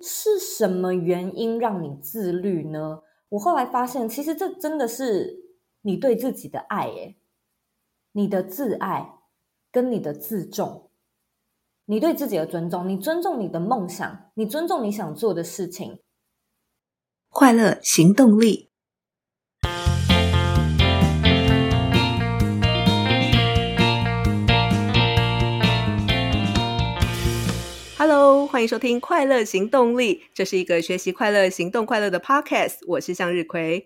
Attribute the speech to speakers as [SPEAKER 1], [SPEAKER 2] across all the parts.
[SPEAKER 1] 是什麼原因讓你自律呢？我後來發現，其實這真的是你對自己的愛、欸，誒，你的自愛跟你的自重，你對自己的尊重，你尊重你的夢想，你尊重你想做的事情，
[SPEAKER 2] 快樂行動力。Hello，歡迎收聽《快樂行動力》，這是一個學習快樂、行動快樂的 Podcast。我是向日葵。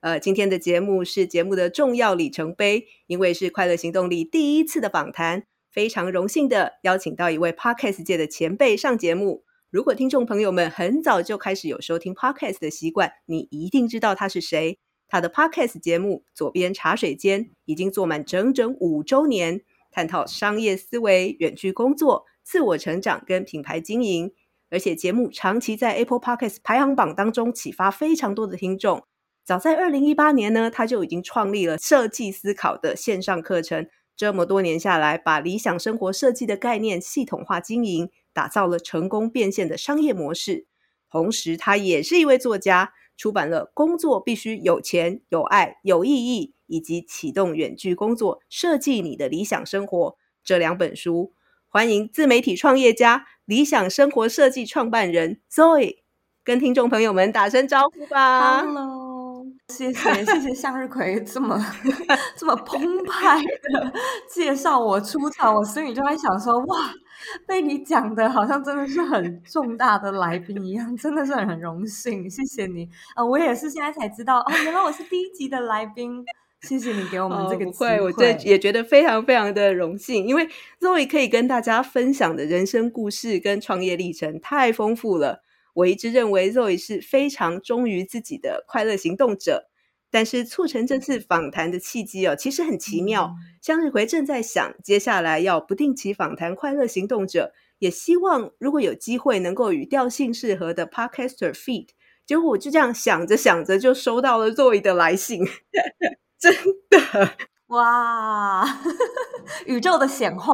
[SPEAKER 2] 呃，今天的節目是節目的重要里程碑，因為是《快樂行動力》第一次的訪談，非常榮幸的邀請到一位 Podcast 界的前輩上節目。如果聽眾朋友們很早就開始有收聽 Podcast 的習慣，你一定知道他是誰。他的 Podcast 節目《佐編茶水間》已經做滿整整五周年。探討商業思維、遠距工作、自我成長跟品牌經營，而且節目長期在 Apple Podcast 排行榜當中，啟發非常多的聽眾。早在二零一八年呢，她就已經創立了設計思考的線上課程。這麼多年下來，把理想生活設計的概念系統化經營，打造了成功變現的商業模式。同時，她也是一位作家，出版了《工作必須有錢、有愛、有意義》。以及啟動遠距工作，設計你的理想生活這兩本書，歡迎自媒體創業家、理想生活設計創辦人 Zoey 跟聽眾朋友們打聲招呼吧。
[SPEAKER 1] Hello，謝謝謝謝向日葵這麼 這麼澎湃的介紹我 出場，我心裡就在想說哇，被你講的，好像真的是很重大的來賓一樣，真的是很榮幸，謝謝你啊、呃！我也是現在才知道哦，原來我是第一集的來賓。謝謝你給我們這個機、oh, 會，我這
[SPEAKER 2] 也覺得非常非常的榮幸， 因為 Zoey 可以跟大家分享的人生故事跟創業歷程太豐富了。我一直認為 Zoey 是非常忠於自己的快樂行動者，但是促成這次訪談的契機哦，其實很奇妙。嗯、向日葵正在想接下來要不定期訪談快樂行動者，也希望如果有機會能夠與調性適合的 podcaster feat。結果我就這樣想着想着，就收到了 Zoey 的來信。 真的哇，呵呵，宇宙的顯化。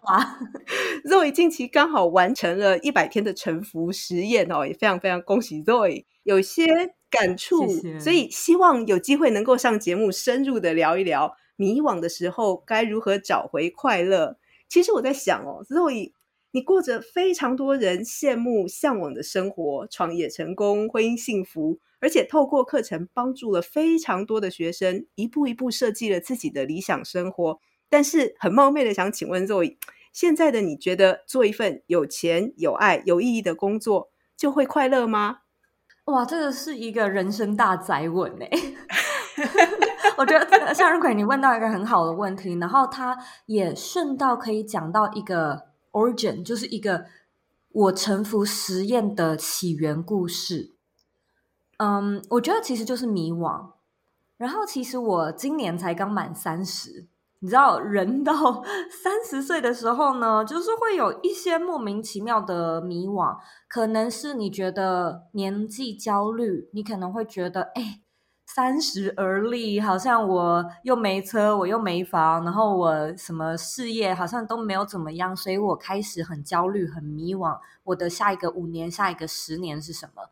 [SPEAKER 2] Zoey 近期剛好完成了一百天的臣服實驗哦，也非常非常恭喜 Zoey，有些感觸，謝謝，所以希望有機會能夠上節目深入的聊一聊迷惘的時候該如何找回快樂。其實我在想哦，Zoey，你過着非常多人羨慕向往的生活，創業成功，婚姻幸福。而且透過課程，幫助了非常多的學生，一步一步設計了自己的理想生活。但是很冒昧的想請問 Zoey，現在的你覺得做一份有錢、有愛、有意義的工作
[SPEAKER 1] 就會快樂嗎？哇，這個是一個人生大哉問哎！ 我覺得向日葵，你問到一個很好的問題，然後他也順道可以講到一個 origin，就是一個我臣服實驗的起源故事。嗯，um, 我覺得其實就是迷惘。然後，其實我今年才剛滿三十，你知道，人到三十歲的時候呢，就是會有一些莫名其妙的迷惘。可能是你覺得年紀焦慮，你可能會覺得，哎，三十而立，好像我又沒車，我又沒房，然後我什麼事業好像都沒有怎麼樣，所以我開始很焦慮，很迷惘。我的下一個五年，下一個十年是什麼？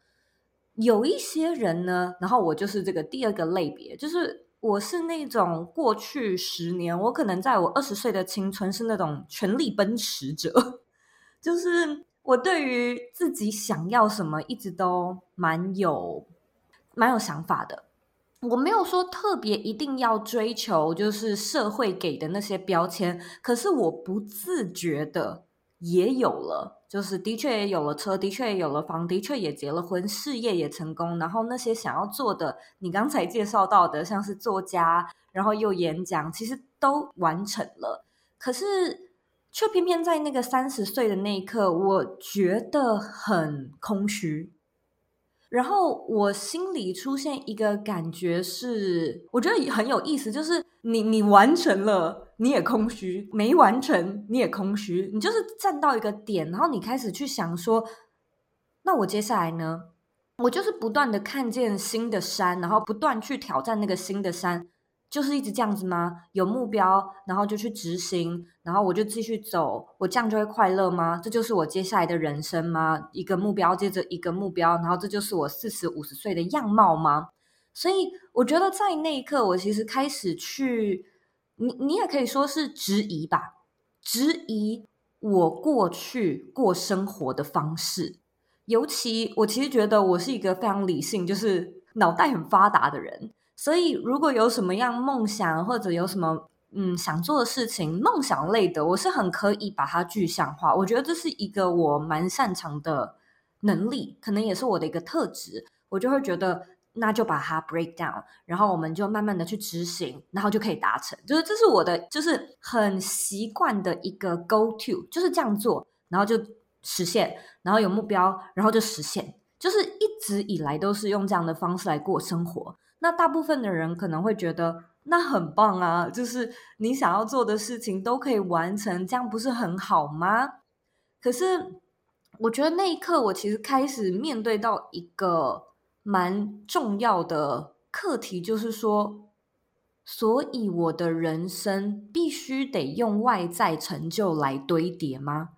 [SPEAKER 1] 有一些人呢，然後我就是這個第二個類別，就是我是那種過去十年，我可能在我二十歲的青春是那種全力奔馳者，就是我對於自己想要什麼一直都蠻有蠻有想法的，我沒有說特別一定要追求就是社會給的那些標籤，可是我不自覺的也有了。就是的確也有了車，的確也有了房，的確也結了婚，事業也成功。然後那些想要做的，你剛才介紹到的，像是作家，然後又演講，其實都完成了。可是，卻偏偏在那個三十歲的那一刻，我覺得很空虛。然後我心裡出現一個感覺是，我覺得很有意思，就是你你完成了。你也空虛，沒完成，你也空虛。你就是站到一個點，然後你開始去想說，那我接下來呢？我就是不斷地看見新的山，然後不斷去挑戰那個新的山，就是一直這樣子嗎？有目標，然後就去執行，然後我就繼續走，我這樣就會快樂嗎？這就是我接下來的人生嗎？一個目標接着一個目標，然後這就是我四十五十歲的樣貌嗎？所以我覺得在那一刻，我其實開始去。你你也可以說是質疑吧，質疑我過去過生活的方式。尤其我其實覺得我是一個非常理性，就是腦袋很發達的人。所以如果有什麼樣夢想或者有什麼，嗯，想做的事情，夢想類的，我是很可以把它具象化。我覺得這是一個我蠻擅長的能力，可能也是我的一個特質。我就會覺得。那就把它 break down，然後我們就慢慢的去執行，然後就可以達成。就是這是我的，就是很習慣的一個 go to，就是這樣做，然後就實現，然後有目標，然後就實現。就是一直以來都是用這樣的方式來過生活。那大部分的人可能會覺得那很棒啊，就是你想要做的事情都可以完成，這樣不是很好嗎？可是我覺得那一刻，我其實開始面對到一個。蠻重要的課題，就是說，所以我的人生必須得用外在成就來堆疊嗎？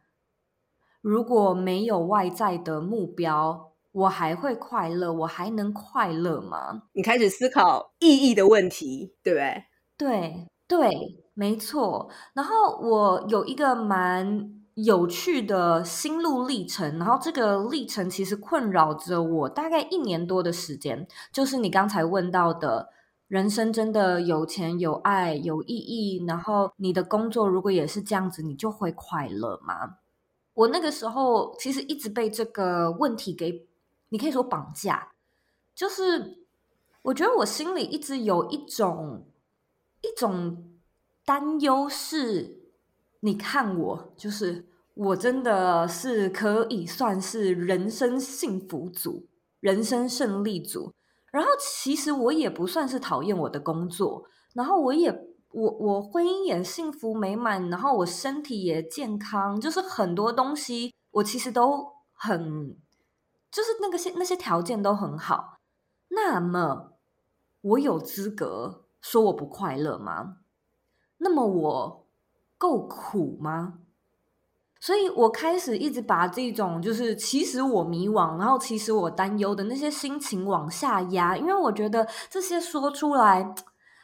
[SPEAKER 1] 如果沒有外在的目標，我還會快樂，我還能快樂嗎？你開始思考意義的問題，對不對？對，對，沒錯。然後我有一個蠻。有趣的心路歷程，然後這個歷程其實困擾着我大概一年多的時間。就是你剛才問到的，人生真的有錢、有愛、有意義，然後你的工作如果也是這樣子，你就會快樂嗎？我那個時候其實一直被這個問題給，你可以說綁架。就是我覺得我心裡一直有一種一種擔憂是。你看我，就是我真的是可以算是人生幸福組、人生勝利組。然後其實我也不算是討厭我的工作，然後我也我我婚姻也幸福美滿，然後我身體也健康，就是很多東西我其實都很，就是那個些那些條件都很好。那麼我有資格說我不快樂嗎？那麼我。夠苦嗎？所以我開始一直把這種，就是其實我迷惘，然後其實我擔憂的那些心情往下壓，因為我覺得這些說出來，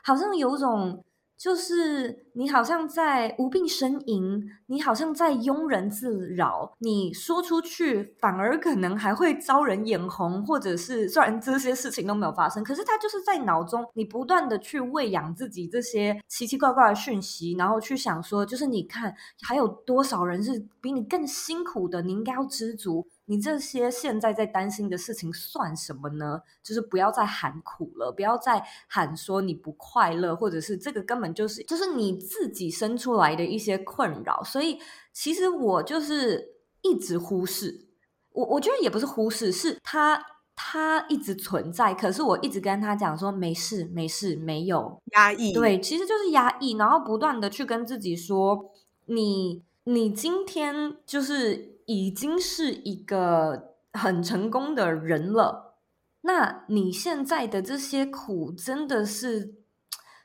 [SPEAKER 1] 好像有種。就是你好像在無病呻吟，你好像在庸人自擾，你說出去反而可能還會招人眼紅，或者是雖然這些事情都沒有發生，可是它就是在腦中你不斷的去餵養自己這些奇奇怪怪的訊息，然後去想說，就是你看還有多少人是比你更辛苦的，你應該要知足。你這些現在在擔心的事情算什麼呢？就是不要再喊苦了，不要再喊說你不快樂，或者是這個根本就是就是你自己生出來的一些困擾。所以其實我就是一直忽視我，我覺得也不是忽視，是他他一直存在，可是我一直跟他講說沒事沒事，沒有壓抑，對，其實就是壓抑，然後不斷地去跟自己說你你今天就是。已經是一個很成功的人了，那你現在的這些苦真的是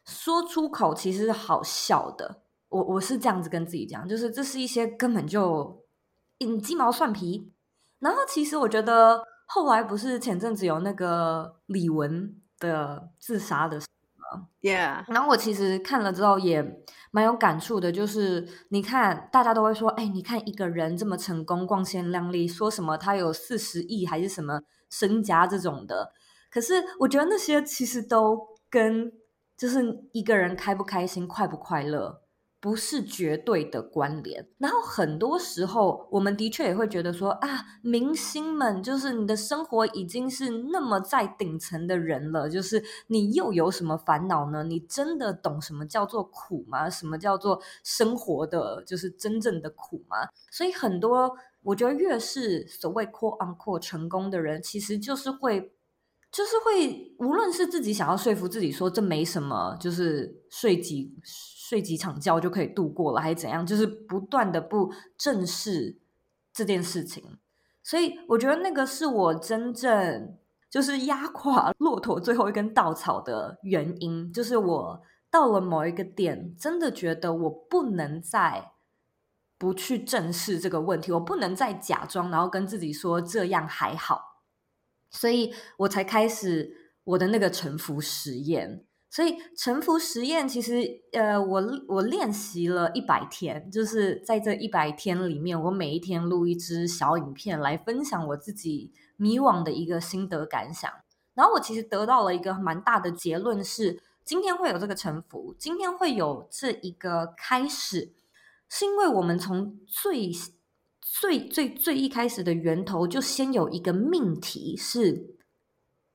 [SPEAKER 1] 說出口其實好笑的。我我是這樣子跟自己講，就是這是一些根本就嗯雞毛蒜皮。然後其實我覺得後來不是前陣子有那個李玟的自殺的事。Yeah，然後我其實看了之後也蠻有感觸的，就是你看，大家都會說，哎，你看一個人這麼成功、光鮮亮麗，說什麼他有四十億還是什麼身家這種的，可是我覺得那些其實都跟就是一個人開不開心、快不快樂。不是絕對的關聯。然後很多時候，我們的確也會覺得說啊，明星們就是你的生活已經是那麼在頂層的人了，就是你又有什麼煩惱呢？你真的懂什麼叫做苦嗎？什麼叫做生活的就是真正的苦嗎？所以很多，我覺得越是所謂 quote unquote 成功的人，其實就是會，就是會，無論是自己想要說服自己說這沒什麼，就是睡幾。睡幾場覺就可以度過了，還是怎樣？就是不斷的不正視這件事情，所以我覺得那個是我真正就是壓垮駱駝最後一根稻草的原因。就是我到了某一個點，真的覺得我不能再不去正視這個問題，我不能再假裝，然後跟自己說這樣還好，所以我才開始我的那個臣服實驗。所以臣服實驗，其實呃，我我練習了一百天，就是在這一百天裡面，我每一天錄一支小影片來分享我自己迷惘的一個心得感想。然後我其實得到了一個蠻大的結論是，是今天會有這個臣服，今天會有這一個開始，是因為我們從最最最最一開始的源頭，就先有一個命題是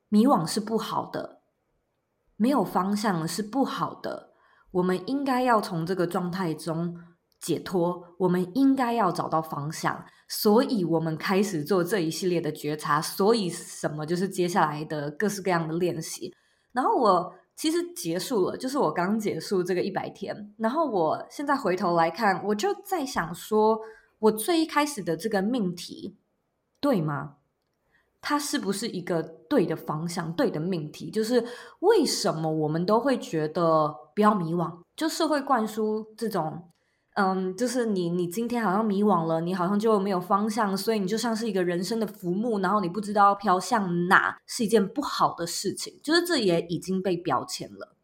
[SPEAKER 1] 迷惘是不好的。沒有方向是不好的，我們應該要從這個狀態中解脫，我們應該要找到方向，所以我們開始做這一系列的覺察，所以什麼就是接下來的各式各樣的練習。然後我其實結束了，就是我剛結束這個一百天，然後我現在回頭來看，我就在想說，我最一開始的這個命題，對嗎？它是不是一個對的方向、對的命題？就是為什麼我們都會覺得不要迷惘？就社會灌輸這種，嗯，就是你你今天好像迷惘了，你好像就沒有方向，所以你就像是一個人生的浮木，然後你不知道要飄向哪，是一件不好的事情。就是這也已經被標籤了。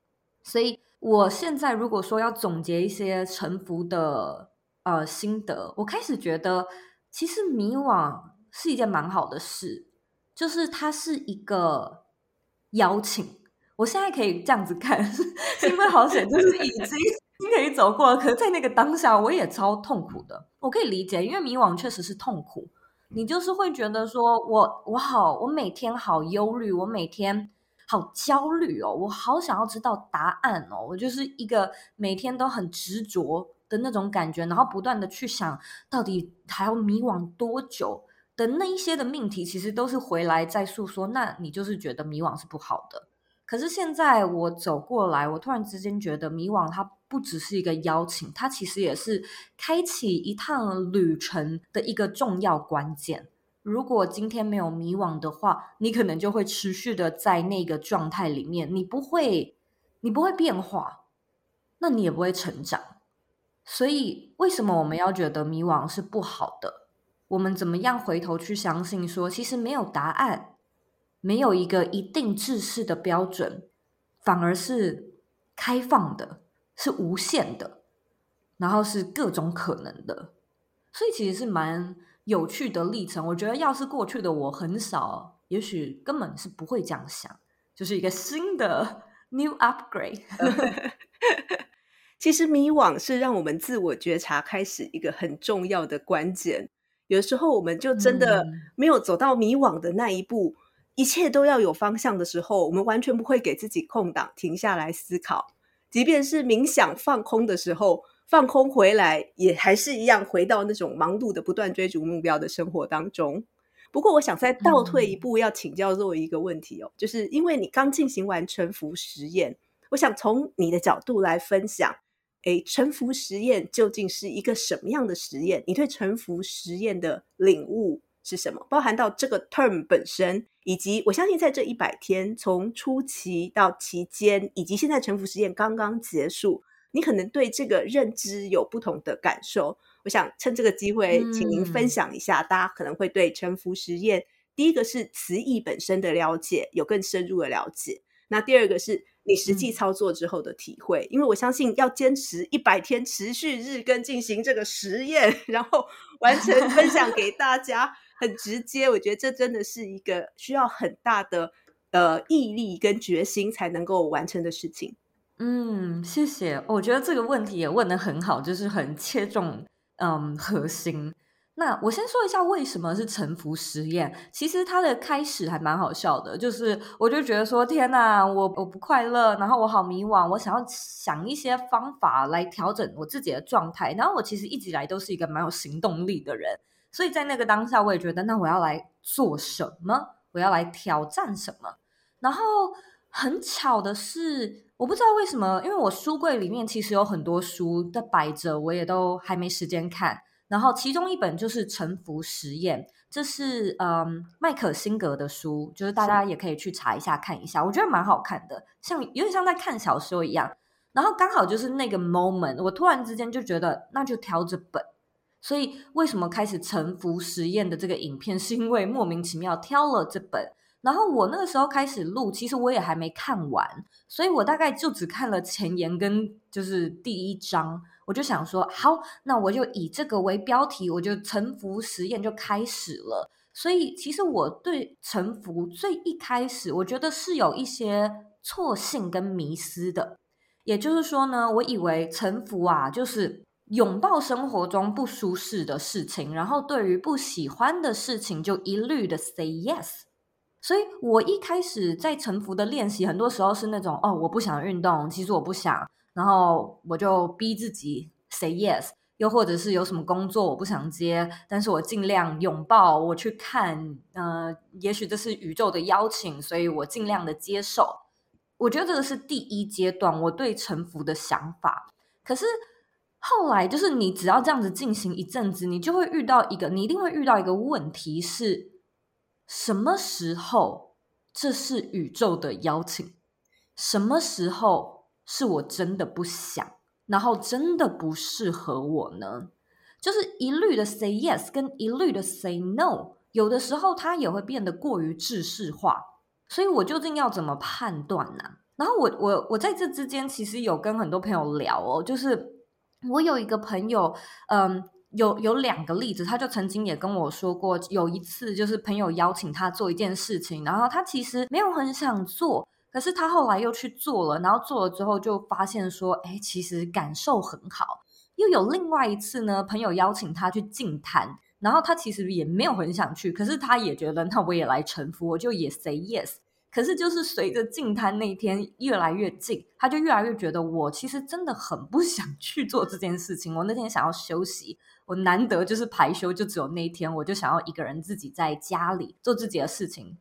[SPEAKER 1] 所以我現在如果說要總結一些臣服的呃心得，我開始覺得其實迷惘是一件蠻好的事。就是它是一個邀請，我現在可以這樣子看，是不是好險就是已經可以走過了。 可，在那個當下，我也超痛苦的。我可以理解，因為迷惘確實是痛苦。你就是會覺得說我，我我好，我每天好憂慮，我每天好焦慮哦，我好想要知道答案哦。我就是一個每天都很執着的那種感覺，然後不斷的去想到底還要迷惘多久。等那一些的命題，其實都是回來再訴說。那你就是覺得迷惘是不好的。可是現在我走過來，我突然之間覺得迷惘，它不只是一個邀請，它其實也是開啟一趟旅程的一個重要關鍵。如果今天沒有迷惘的話，你可能就會持續的在那個狀態裡面，你不會，你不會變化，那你也不會成長。所以，為什麼我們要覺得迷惘是不好的？我們怎麼樣回頭去相信說，說其實沒有答案，沒有一個一定制式的標準，反而是開放的，是無限的，然後是各種可能的。所以其實是蠻有趣的歷程。我覺得要是過去的我，很少，也許根本是不會這樣想。就是一個新的 new
[SPEAKER 2] upgrade。 其實迷惘是讓我們自我覺察開始一個很重要的關鍵。有時候，我們就真的沒有走到迷惘的那一步，嗯、一切都要有方向的時候，我們完全不會給自己空檔，停下來思考。即便是冥想放空的時候，放空回來也還是一樣回到那種忙碌的不斷追逐目標的生活當中。不過，我想再倒退一步，要請教 Zoey 一個問題哦，嗯、就是因為你剛進行完臣服實驗，我想從你的角度來分享。誒，臣服實驗究竟是一個什麼樣的實驗？你對臣服實驗的領悟是什麼？包含到這個 term 本身，以及我相信在這一百天，從初期到期間，以及現在臣服實驗剛剛結束，你可能對這個認知有不同的感受。我想趁這個機會，請您分享一下，嗯、大家可能會對臣服實驗，第一個是詞義本身的了解有更深入的了解，那第二個是你實際操作之後的體會，嗯、因為我相信要堅持一百天持續日更、進行這個實驗，然後完成分享給大家， 很直接。我覺得這真的是一個需要很大的呃毅力跟決心才能夠完成的事情。
[SPEAKER 1] 嗯，謝謝。我覺得這個問題也問得很好，就是很切中嗯核心。那我先說一下為什麼是臣服實驗。其實它的開始還蠻好笑的，就是我就覺得說，天吶，我我不快樂，然後我好迷惘，我想要想一些方法來調整我自己的狀態。然後我其實一直以來都是一個蠻有行動力的人，所以在那個當下，我也覺得，那我要來做什麼？我要來挑戰什麼？然後很巧的是，我不知道為什麼，因為我書櫃裡面其實有很多書的擺着，我也都還沒時間看。然後其中一本就是《臣服實驗》，這是嗯麥可辛格的書，就是大家也可以去查一下看一下，是我覺得蠻好看的，像有點像在看小說一樣。然後剛好就是那個 moment，我突然之間就覺得那就挑這本。所以為什麼開始《臣服實驗》的這個影片，是因為莫名其妙挑了這本。然後我那個時候開始錄，其實我也還沒看完，所以我大概就只看了前言跟就是第一章。我就想說，好，那我就以這個為標題，我就臣服實驗就開始了。所以，其實我對臣服最一開始，我覺得是有一些錯信跟迷失的。也就是說呢，我以為臣服啊，就是擁抱生活中不舒適的事情，然後對於不喜歡的事情就一律的 say yes。所以我一開始在臣服的練習，很多時候是那種，哦，我不想運動，其實我不想。然後我就逼自己 say yes，又或者是有什麼工作我不想接，但是我儘量擁抱我去看，呃，也許這是宇宙的邀請，所以我儘量的接受。我覺得這個是第一階段我對臣服的想法。可是後來，就是你只要這樣子進行一陣子，你就會遇到一個，你一定會遇到一個問題是：是什麼時候這是宇宙的邀請？什麼時候？是我真的不想，然後真的不適合我呢，就是一律的 say yes，跟一律的 say no，有的時候他也會變得過於制式化，所以我究竟要怎麼判斷呢？啊？然後我我我在這之間，其實有跟很多朋友聊哦，就是我有一個朋友，嗯，有有兩個例子，他就曾經也跟我說過，有一次就是朋友邀請他做一件事情，然後他其實沒有很想做。可是他後來又去做了，然後做了之後就發現說，哎，其實感受很好。又有另外一次呢，朋友邀請他去淨灘，然後他其實也沒有很想去，可是他也覺得，那我也來臣服，我就也、yes、say yes。可是就是隨着淨灘那一天越來越近，他就越來越覺得，我其實真的很不想去做這件事情。我那天想要休息，我難得就是排休，就只有那一天，我就想要一個人自己在家裡做自己的事情。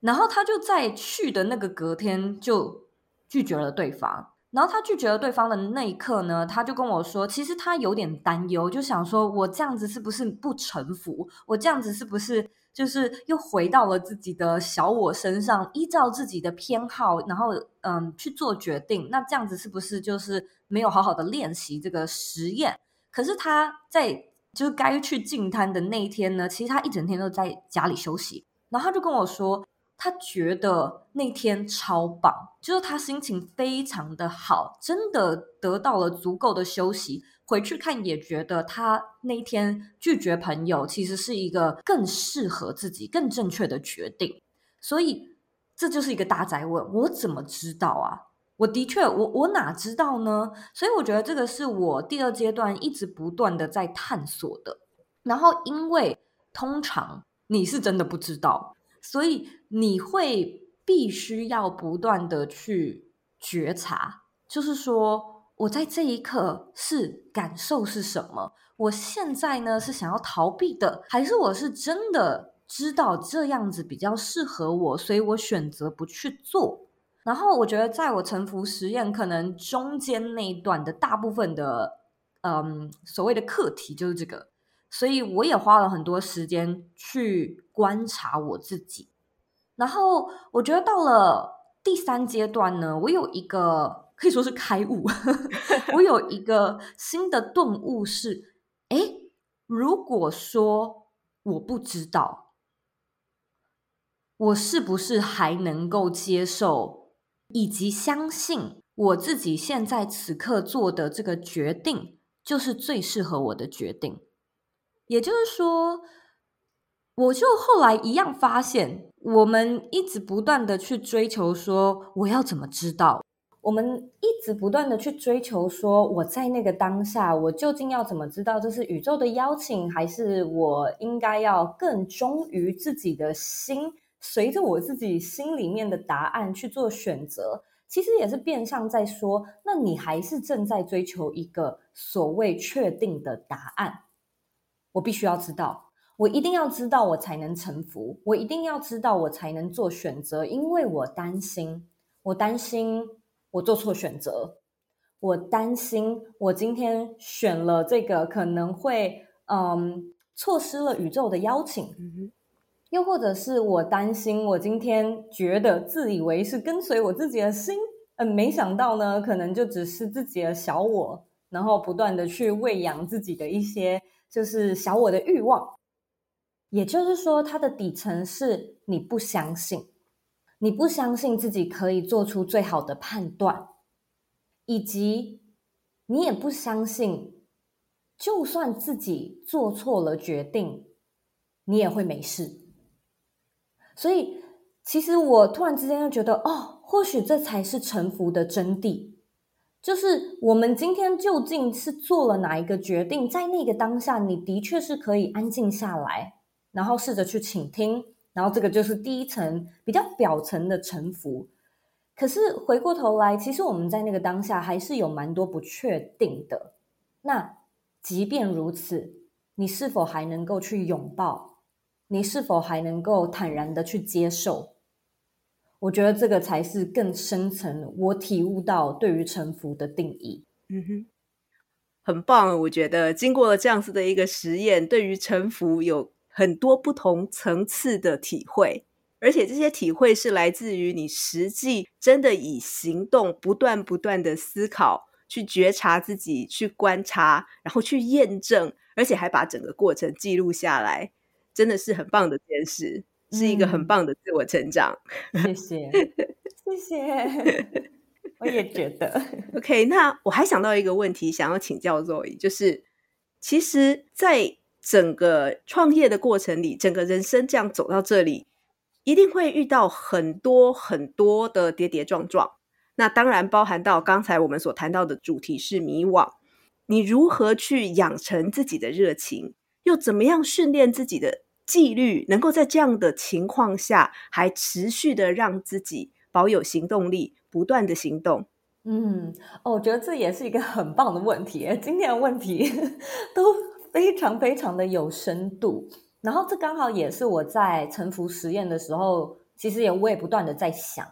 [SPEAKER 1] 然後他就在去的那個隔天就拒絕了對方。然後他拒絕了對方的那一刻呢，他就跟我說：“其實他有點擔憂，就想說我這樣子是不是不臣服？我這樣子是不是就是又回到了自己的小我身上，依照自己的偏好，然後嗯去做決定？那這樣子是不是就是沒有好好的練習這個實驗？”可是他在就是該去淨灘的那一天呢，其實他一整天都在家裡休息。然後他就跟我說。他覺得那天超棒，就是他心情非常的好，真的得到了足夠的休息。回去看也覺得他那天拒絕朋友，其實是一個更適合自己、更正確的決定。所以這就是一個大哉問，我怎麼知道啊？我的確，我我哪知道呢？所以我覺得這個是我第二階段一直不斷的在探索的。然後，因為通常你是真的不知道，所以。你會必須要不斷的去覺察，就是說我在這一刻是感受是什麼？我現在呢是想要逃避的，還是我是真的知道這樣子比較適合我，所以我選擇不去做？然後我覺得，在我臣服實驗可能中間那一段的大部分的，嗯，所謂的課題就是這個，所以我也花了很多時間去觀察我自己。然後我覺得到了第三階段呢，我有一個可以說是開悟， 我有一個新的頓悟是：誒，如果說我不知道，我是不是還能夠接受以及相信我自己現在此刻做的這個決定就是最適合我的決定？也就是說，我就後來一樣發現。我們一直不斷的去追求，說我要怎麼知道？我們一直不斷的去追求，說我在那個當下，我究竟要怎麼知道？這是宇宙的邀請，還是我應該要更忠於自己的心，隨着我自己心裡面的答案去做選擇？其實也是變相在說，那你還是正在追求一個所謂確定的答案，我必須要知道。我一定要知道，我才能臣服；我一定要知道，我才能做選擇，因為我擔心，我擔心我做錯選擇，我擔心我今天選了這個可能會，嗯，錯失了宇宙的邀請。嗯、哼又或者是我擔心，我今天覺得自以為是，跟隨我自己的心，嗯、呃，沒想到呢，可能就只是自己的小我，然後不斷的去餵養自己的一些就是小我的欲望。也就是說，它的底層是你不相信，你不相信自己可以做出最好的判斷，以及你也不相信，就算自己做錯了決定，你也會沒事。所以，其實我突然之間就覺得，哦，或許這才是臣服的真諦，就是我們今天究竟是做了哪一個決定，在那個當下，你的確是可以安靜下來。然後試着去傾聽，然後這個就是第一層比較表層的臣服。可是回過頭來，其實我們在那個當下還是有蠻多不確定的。那即便如此，你是否還能夠去擁抱？你是否還能夠坦然的去接受？我覺得這個才是更深層我體悟到對於臣服的定義。嗯哼，很棒。我覺得經過了這樣子的
[SPEAKER 2] 一個實驗，對於臣服有很多不同層次的體會，而且這些體會是來自於你實際真的以行動不斷不斷的思考，去覺察自己，去觀察，然後去驗證，而且還把整個過程記錄下來，真的是很棒的一件事，嗯、是一個很棒的自我成長。
[SPEAKER 1] 謝謝， 謝謝，
[SPEAKER 2] 我也覺得。 OK，那我還想到一個問題，想要請教 Zoey，就是其實，在。整個創業的過程裡，整個人生這樣走到這裡，一定會遇到很多很多的跌跌撞撞。那當然包含到剛才我們所談到的主題是迷惘，你如何去養成自己的熱情，又怎麼樣訓練自己的紀律，能夠在這樣的情況下還持續的讓自己保有行動力，不斷的行動。
[SPEAKER 1] 嗯，哦，我覺得這也是一個很棒的問題。今天的問題呵呵都非常非常的有深度，然後這剛好也是我在臣服實驗的時候，其實也我也不斷的在想，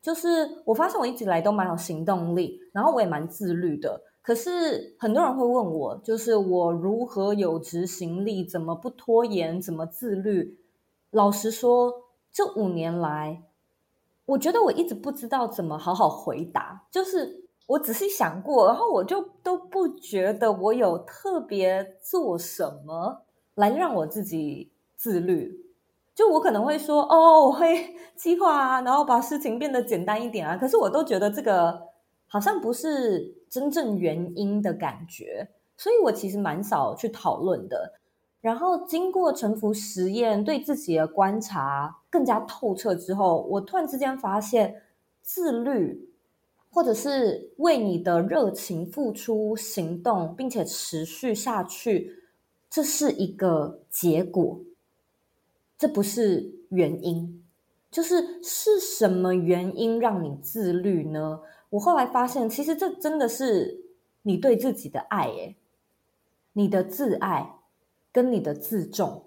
[SPEAKER 1] 就是我發現我一直以來都蠻有行動力，然後我也蠻自律的，可是很多人會問我，就是我如何有執行力，怎麼不拖延，怎麼自律？老實說，這五年來，我覺得我一直不知道怎麼好好回答，就是。我仔細想過，然後我就都不覺得我有特別做什麼來讓我自己自律。就我可能會說，哦，我會計劃啊，然後把事情變得簡單一點啊。可是我都覺得這個好像不是真正原因的感覺，所以我其實蠻少去討論的。然後經過臣服實驗，對自己的觀察更加透徹之後，我突然之間發現自律，或者是為你的熱情付出行動，並且持續下去，這是一個結果，這不是原因。就是是什麼原因讓你自律呢？我後來發現，其實這真的是你對自己的愛、欸，耶你的自愛跟你的自重，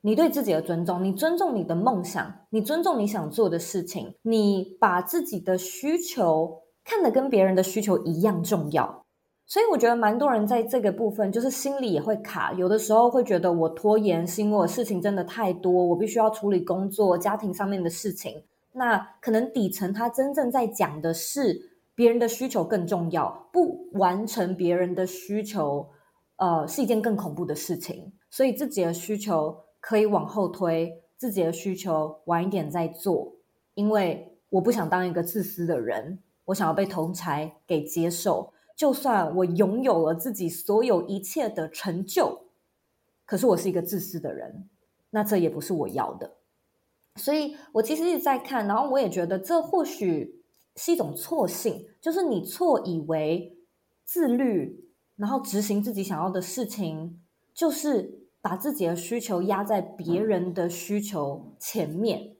[SPEAKER 1] 你對自己的尊重，你尊重你的夢想，你尊重你想做的事情，你把自己的需求。看的得跟別人的需求一樣重要，所以我覺得蠻多人在這個部分，就是心裡也會卡。有的時候會覺得我拖延是因為我事情真的太多，我必須要處理工作、家庭上面的事情。那可能底層他真正在講的是別人的需求更重要，不完成別人的需求，呃，是一件更恐怖的事情。所以自己的需求可以往後推，自己的需求晚一點再做，因為我不想當一個自私的人。我想要被同儕給接受，就算我擁有了自己所有一切的成就，可是我是一個自私的人，那這也不是我要的。所以，我其實一直在看，然後我也覺得這或許是一種錯性，就是你錯以為自律，然後執行自己想要的事情，就是把自己的需求壓在別人的需求前面。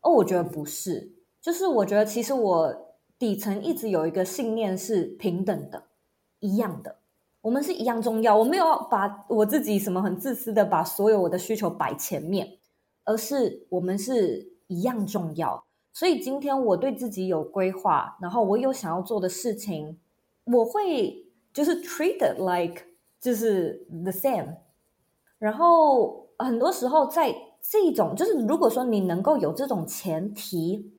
[SPEAKER 1] 而我覺得不是，就是我覺得其實我。底層一直有一個信念是平等的、一樣的，我們是一樣重要。我沒有把我自己什麼很自私的把所有我的需求擺前面，而是我們是一樣重要。所以今天我對自己有規劃，然後我有想要做的事情，我會就是 treated like 就是 the same。然後很多時候在這種，就是如果說你能夠有這種前提。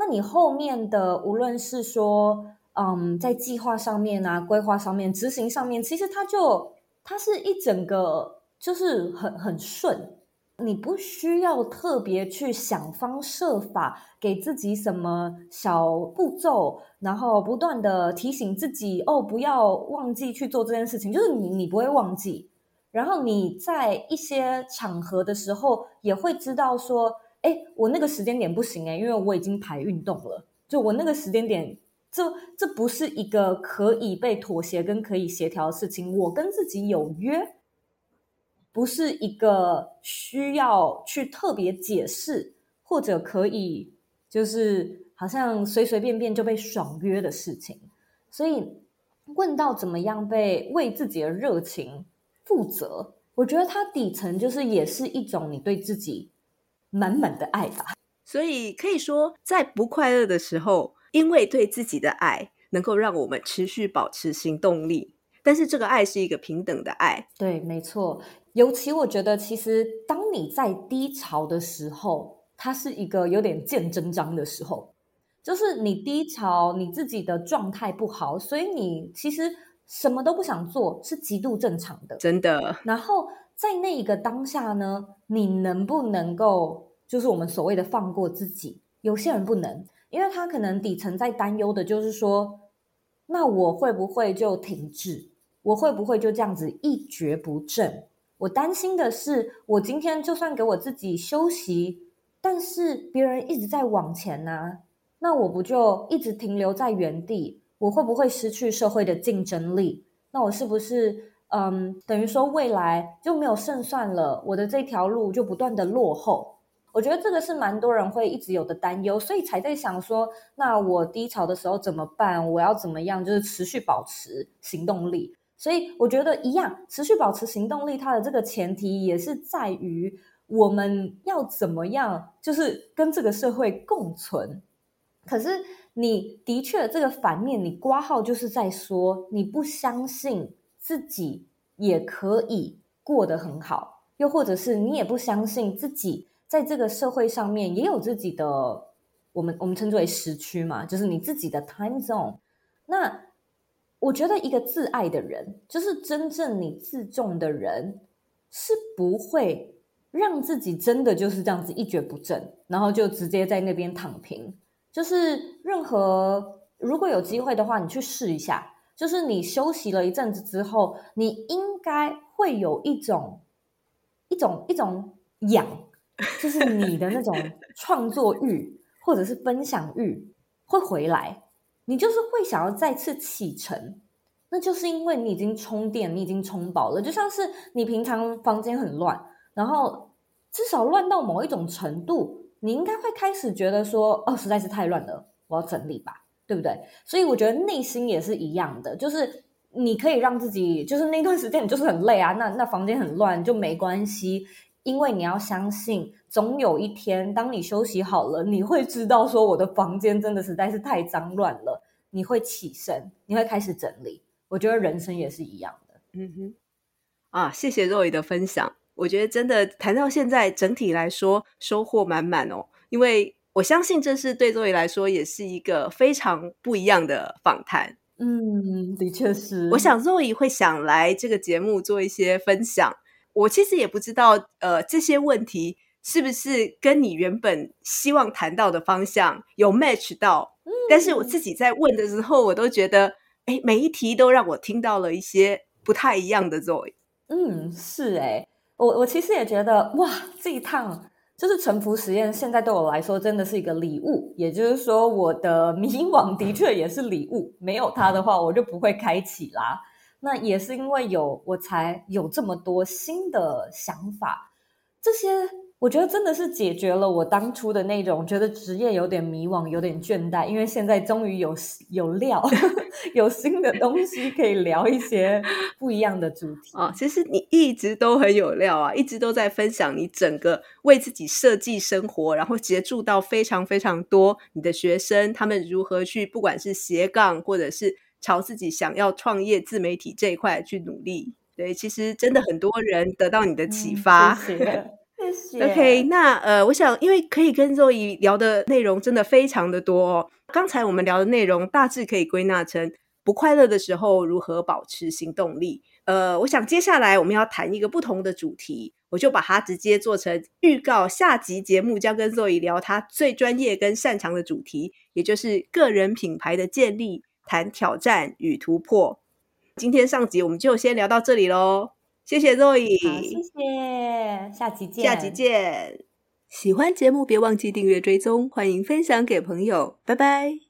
[SPEAKER 1] 那你後面的，無論是說，嗯，在計劃上面啊，規劃上面，執行上面，其實它就它是一整個，就是很很順，你不需要特別去想方設法給自己什麼小步驟，然後不斷的提醒自己哦，不要忘記去做這件事情，就是你你不會忘記，然後你在一些場合的時候也會知道說。哎，我那個時間點不行哎，因為我已經排運動了。就我那個時間點，這這不是一個可以被妥協跟可以協調的事情。我跟自己有約，不是一個需要去特別解釋或者可以就是好像隨隨便便就被爽約的事情。所以問到怎麼樣被為自己的熱情負責，我覺得它底層就是也是一種你對自己。滿滿的愛吧，所以可以說，在不快樂的時候，因為對自己的愛能夠
[SPEAKER 2] 讓我們持續保持行動力。但是這個愛是一個平等的愛，
[SPEAKER 1] 對，沒錯。尤其我覺得，其實當你在低潮的時候，它是一個有點見真章的時候，就是你低潮，你自己的狀態不好，所以你其實什麼都不想做，是極度正常的，真的。然後，在那一個當下呢，你能不能夠就是我們所謂的放過自己？有些人不能，因為他可能底層在擔憂的就是說，那我會不會就停滯？我會不會就這樣子一蹶不振？我擔心的是，我今天就算給我自己休息，但是別人一直在往前吶、啊，那我不就一直停留在原地？我會不會失去社會的競爭力？那我是不是？嗯，等於說未來就沒有勝算了，我的這條路就不斷的落後，我覺得這個是蠻多人會一直有的擔憂，所以才在想說，那我低潮的時候怎麼辦？我要怎麼樣，就是持續保持行動力。所以我覺得一樣，持續保持行動力，它的這個前提也是在於我們要怎麼樣，就是跟這個社會共存。可是你的確這個反面，你括號就是在說你不相信，自己也可以過得很好，又或者是你也不相信自己在這個社會上面也有自己的，我們我們稱之為時區嘛，就是你自己的 time zone。那我覺得一個自愛的人，就是真正你自重的人，是不會讓自己真的就是這樣子一蹶不振，然後就直接在那邊躺平。就是任何，如果有機會的話，你去試一下。就是你休息了一陣子之後，你應該會有一種一種一種癢，就是你的那種創作欲或者是分享欲會回來，你就是會想要再次啟程。那就是因為你已經充電，你已經充飽了。就像是你平常房間很亂，然後至少亂到某一種程度，你應該會開始覺得說：“哦，實在是太亂了，我要整理吧。”對不對？所以我覺得內心也是一樣的，就是你可以讓自己，就是那段時間你就是很累啊，那那房間很亂就沒關係，因為你要相信，總有一天當你休息好了，你會知道說我的房間真的實在是太髒亂了，你會起身，你會開始整理。我覺得人生也是一樣的，嗯哼，啊，謝謝 Zoey
[SPEAKER 2] 的分享，我覺得真的談到現在整體來說收穫滿滿哦，因為。我相信這是對 Zoey 來說也是一個非常不一樣的訪談。
[SPEAKER 1] 嗯，的確是。我
[SPEAKER 2] 想 Zoey 會想來這個節目做一些分享。我其實也不知道，呃，這些問題是不是跟你原本希望談到的方向有 match 到。嗯。但是我自己在問的時候，我都覺得，哎，每一題都讓我聽到了一些不太一樣的 Zoey。
[SPEAKER 1] 嗯，是哎、欸，我我其實也覺得，哇，這一趟。就是臣服實驗，現在對我來說真的是一個禮物。也就是說，我的迷惘的確也是禮物。沒有它的話，我就不會開啟啦。那也是因為有，我才有這麼多新的想法。這些。我覺得真的是解決了我當初的那種覺得職業有點迷惘，有點倦怠。因為現在終於有有料、 有新的東西可以聊一些不一樣的主題啊。哦，其實你一直
[SPEAKER 2] 都很有料啊。一直都在分享你整個為自己設計生活，然後接觸到非常非常多你的學生，他們如何去不管是斜槓，或者是朝自己想要創業自媒體這一塊去努力。對，其實真的很多人得到你的啟發。嗯，謝謝 OK，那呃，我想，因為可以跟 Zoey 聊的內容真的非常的多哦。剛才我們聊的內容大致可以歸納成不快樂的時候如何保持行動力。呃，我想接下來我們要談一個不同的主題，我就把它直接做成預告，下集節目將跟 Zoey 聊她最專業跟擅長的主題，也就是個人品牌的建立，談挑戰與突破。今天上集我們就先聊到這裡嘍。謝謝 Zoey，謝謝，
[SPEAKER 1] 下期見，下期
[SPEAKER 2] 見。喜歡節目，別忘記訂閱追蹤，歡迎分享給朋友，拜拜。